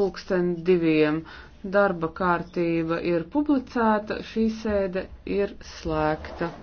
pulksten diviem. Darba kārtība ir publicēta, šī sēde ir slēgta.